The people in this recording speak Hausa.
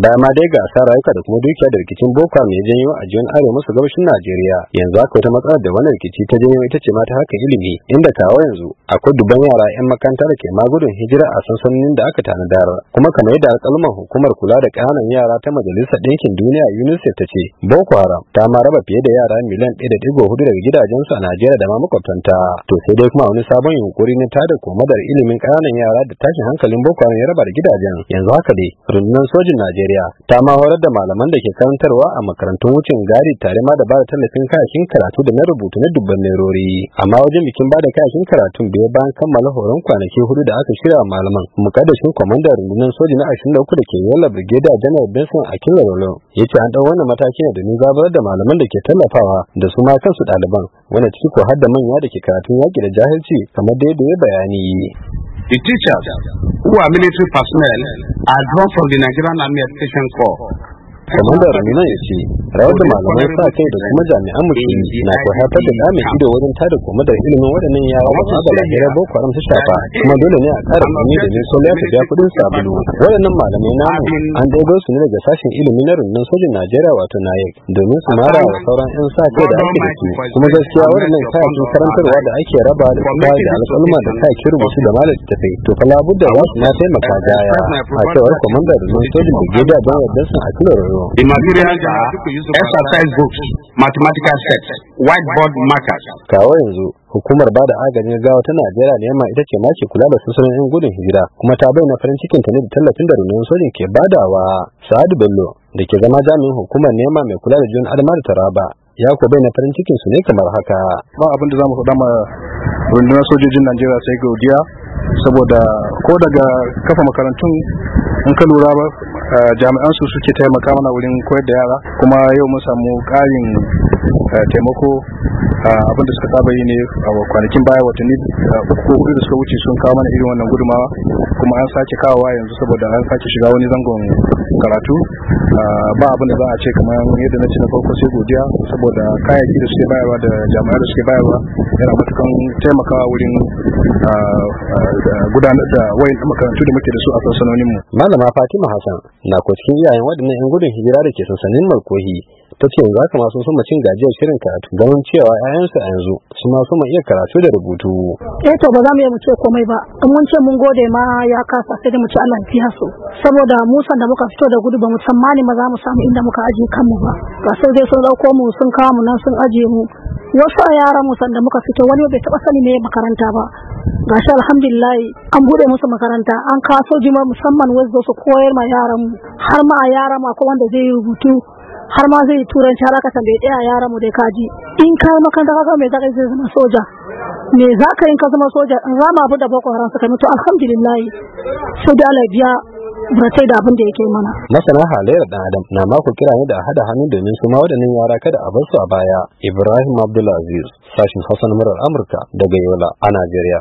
ba ma dai ga asarar rayuka da kuma dukiya da rikicin boko mai janyo a jiyan arewa masu gabashin najeriya yanzu haka wata matsalar da wannan rikici ta janyo ita ce ma ta haka ilimi inda kawo yanzu akwai dubban yara yan makaranta da ke ma gudun hijira a sansanonin da aka da kuma kamar yadda alƙalman hukumar kula da ƙananan yara ta majalisar ɗinkin duniya unicef ta ce boko haram ta ma raba fiye da yara miliyan ɗaya da ɗigo hudu daga gidajensu a najeriya da ma makwabtanta to sai dai kuma wani sabon yunkuri na tada komadar ilimin ƙananan yara da tashin hankalin boko haram ya raba da gidajen yanzu haka dai rundunar sojin najeriya Najeriya ta ma horar da malaman da ke karantarwa a makarantun wucin gari tare ma da bada tallafin kayakin karatu da na rubutu na dubban lerori amma wajen bikin bada kayakin karatun ya bayan kammala horon kwanaki hudu da aka shirya malaman mukaddashin kwamandan rundunar soji na 23 da ke yalla brigadier general Benson Akila Lolo ya ce an dau wannan mataki ne domin zabar da malaman da ke tallafawa da su ma kansu ɗaliban wanda ciki ko har da manya da ke karatun yaƙi da jahilci kamar da ya bayani. The teachers who are military personnel I drawn from the Nigerian Army Education Corps kamar da ya ce rawar da malamai sa kai da kuma jami'an musulmi na ko haifar da damin ido wajen tada koma da ilimin waɗannan yara masu da lafiyar boko haram su shafa kuma dole ne a ƙara mami da jin ta biya kuɗin sabulu waɗannan malamai na an dogon su ne daga sashen ilimi na rundunar sojin najeriya wato nayek domin su mara wa sauran 'yan sa kai da ake da su kuma gaskiya waɗannan kayakin karantarwa da ake raba da kuma da al'umma da kayakin rubutu da malam tafai to fa labudda za su na taimaka gaya a cewar kwamandar rundunar sojin da gida don yadda sun a kila the materials are exercise books, mathematical sets, whiteboard markers. Kawo yanzu hukumar ba da agajin gawa ta Najeriya ne ma ita ce mace kula da sassanin yan gudun hira. kuma ta bayyana farin cikin ta ne da tallafin da rundunar sojin ke badawa Sa'adu Bello da ke zama jami'in hukumar nema mai kula da jiyon adama da taraba ya ko bayyana farin cikin su ne kamar haka. Ba abin da za mu faɗa ma rundunar sojojin Najeriya sai godiya saboda ko daga kafa makarantun in ka lura ba eh, jami'an su suke taimaka mana wurin koyar da yara kuma yau mun samu ƙarin eh, taimako eh, abin da suka saba yi ne a kwanakin baya watanni uku da suka wuce sun kawo mana irin wannan gudumawa kuma an sake kawowa yanzu saboda an sake shiga wani zangon karatu ba abin da za a ce kamar yadda na ce na farko sai godiya saboda kayayyaki da suke bayarwa da jami'ai da suke bayarwa yana matukan taimakawa wurin gudanar da wayan makarantu da muke da su a mu. malama fatima hassan na ko cikin iyayen waɗannan yan gudun hijira da ke sansanin malkohi ta ce yanzu haka masu suma cin gajiyar shirin karatu ganin cewa 'ya'yansu a yanzu su ma soma iya karatu da rubutu. E, to ba za mu iya mu komai ba in mun ce mun gode ma ya kasa sai da mu ci allah ya su saboda musan da muka fito da gudu ba mu tsammani ma za mu samu inda muka ajiye kanmu ba ga sai dai sun dauko mu sun kawo mu nan sun ajiye mu wasu a yaran mu sanda muka fito wani bai taɓa sani ne makaranta ba gashi alhamdulillah an bude musu makaranta an kaso jima musamman wanda su koyar ma yaran mu har ma yaran mu ko wanda zai rubutu har ma zai turanci har aka bai ɗaya yaran mu dai kaji in ka makaranta kaga me zaka zai zama soja me za ka yi ka zama soja in rama abu da boko haram suka to alhamdulillah sai da Allah biya da abin da yake mana. Masana halayyar ɗan adam na mako kira ne da hada hannu domin su ma waɗannan yara kada a bar su a baya. Ibrahim Abdulaziz, sashen Hassan murar Amurka daga Yola a Najeriya.